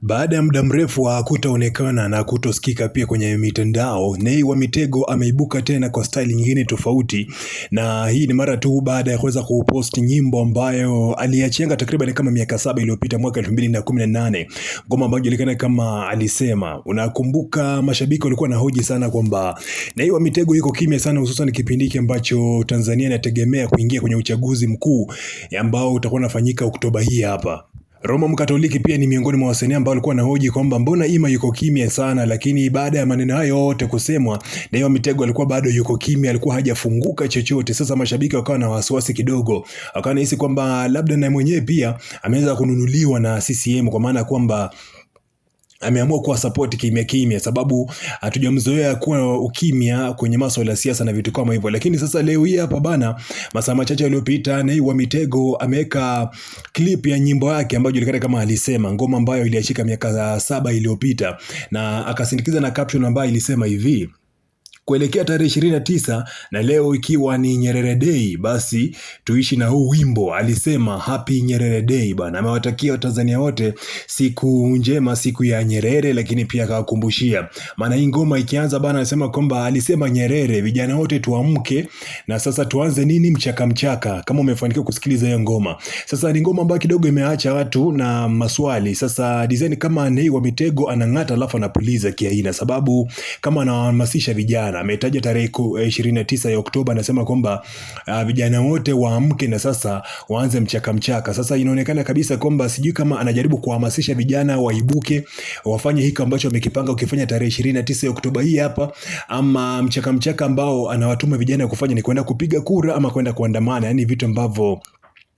Baada ya muda mrefu wa kutoonekana na kutosikika pia kwenye mitandao, Nay wa Mitego ameibuka tena kwa staili nyingine tofauti, na hii ni mara tu baada ya kuweza kupost nyimbo ambayo aliachenga takriban kama miaka saba iliyopita mwaka 2018, ngoma ambayo ilikana kama Alisema. Unakumbuka, mashabiki walikuwa na hoji sana kwamba Nay wa Mitego yuko kimya sana, hususan kipindi hiki ambacho Tanzania inategemea kuingia kwenye uchaguzi mkuu ambao utakuwa unafanyika Oktoba hii hapa. Roma Mkatoliki pia ni miongoni mwa wasanii ambao walikuwa na hoji kwamba mbona Ima yuko kimya sana, lakini baada ya maneno hayo yote kusemwa, Daiwa Mitego alikuwa bado yuko kimya, alikuwa hajafunguka chochote. Sasa mashabiki wakawa na wasiwasi kidogo, wakawa nahisi kwamba labda na mwenyewe pia ameweza kununuliwa na CCM kwa maana kwamba ameamua kuwa support kimya kimya, sababu hatujamzoea ah, kuwa ukimya kwenye masuala ya siasa na vitu kama hivyo. Lakini sasa leo hii hapa bana, masaa machache yaliyopita, Nay wa Mitego ameweka clip ya nyimbo yake ambayo julikana kama alisema, ngoma ambayo iliachika miaka saba iliyopita, na akasindikiza na caption ambayo ilisema hivi kuelekea tarehe 29 na leo ikiwa ni Nyerere Day, basi tuishi na huu wimbo. Alisema happy Nyerere Day bana, amewatakia Watanzania wote siku njema, siku ya Nyerere, lakini pia akawakumbushia, maana hii ngoma ikianza bana, anasema kwamba alisema Nyerere, vijana wote tuamke na sasa tuanze nini, mchaka mchaka. Kama umefanikiwa kusikiliza hiyo ngoma, sasa ni ngoma ambayo kidogo imeacha watu na maswali. Sasa design kama Nay wa Mitego anang'ata alafu anapuliza kiaina, sababu kama anawahamasisha vijana ametaja tarehe 29 eh, ya Oktoba, anasema kwamba uh, vijana wote waamke na sasa waanze mchaka mchaka. Sasa inaonekana kabisa kwamba sijui kama anajaribu kuhamasisha vijana waibuke, wafanye hiki ambacho amekipanga ukifanya tarehe 29 ya Oktoba hii hapa, ama mchaka mchaka ambao anawatuma vijana kufanya ni kwenda kupiga kura ama kwenda kuandamana, yani vitu ambavyo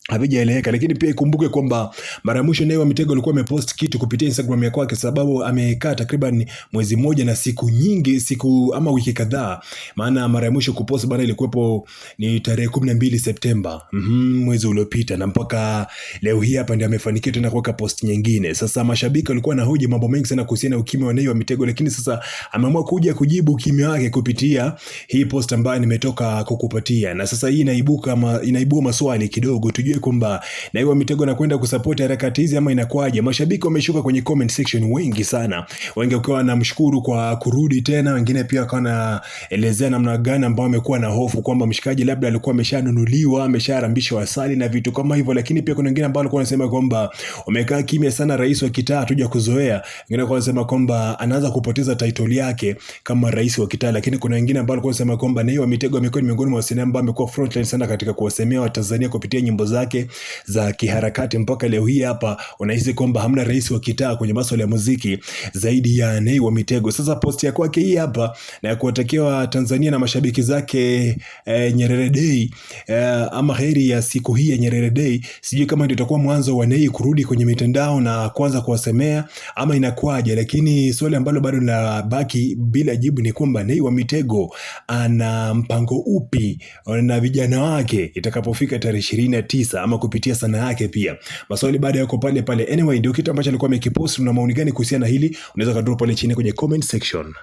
havijaeleweka lakini pia ikumbuke kwamba mara ya mwisho Nay Mitego alikuwa amepost kitu kupitia Instagram ya kwake, sababu amekaa takriban mwezi mmoja na siku nyingi, siku ama wiki kadhaa. Maana mara ya mwisho kupost bana ilikuwepo ni tarehe 12 Septemba, mm -hmm, mwezi uliopita, na mpaka leo hii hapa ndio amefanikiwa tena kuweka post nyingine. Sasa mashabiki walikuwa na hoja mambo mengi sana kuhusiana na ukimya wa Nay wa Mitego, lakini sasa ameamua kuja kujibu ukimya wake kupitia hii post ambayo nimetoka kukupatia, na sasa hii inaibuka ma, inaibua maswali kidogo tujue tuambie kwamba na hiyo mitego na kwenda kusupport harakati hizi ama inakwaje? Mashabiki wameshuka kwenye comment section wengi sana, wengi wakiwa wanamshukuru kwa kurudi tena, wengine pia wakawa wanaelezea namna gani ambao wamekuwa na hofu kwamba mshikaji labda alikuwa ameshanunuliwa, amesharambishwa asali na vitu kama hivyo, lakini pia kuna wengine ambao walikuwa wanasema kwamba wamekaa kimya sana, rais wa kitaa hatuja kuzoea. Wengine walikuwa wanasema kwamba anaanza kupoteza title yake kama rais wa kitaa, lakini kuna wengine ambao walikuwa wanasema kwamba na hiyo mitego amekuwa miongoni mwa wasanii ambao amekuwa frontline sana katika kuwasemea Watanzania kupitia nyimbo zake zake za kiharakati mpaka leo hii hapa unahisi kwamba hamna rais wa kitaa kwenye masuala ya muziki zaidi ya Nay wa Mitego. Sasa posti ya kwake hii hapa na ya kuwatakia Tanzania na mashabiki zake e, Nyerere Day e, ama heri ya siku hii ya Nyerere Day. Sijui kama ndio itakuwa mwanzo wa Nay kurudi kwenye mitandao na kuanza kuwasemea ama inakuwaje, lakini swali ambalo bado linabaki bila jibu ni kwamba Nay wa Mitego ana mpango upi na vijana wake itakapofika tarehe ishirini na tisa kabisa ama kupitia sana yake pia. Maswali baada yako pale pale. Anyway, ndio kitu ambacho alikuwa amekipost. na maoni gani kuhusiana na hili? Unaweza kadrop pale chini kwenye comment section.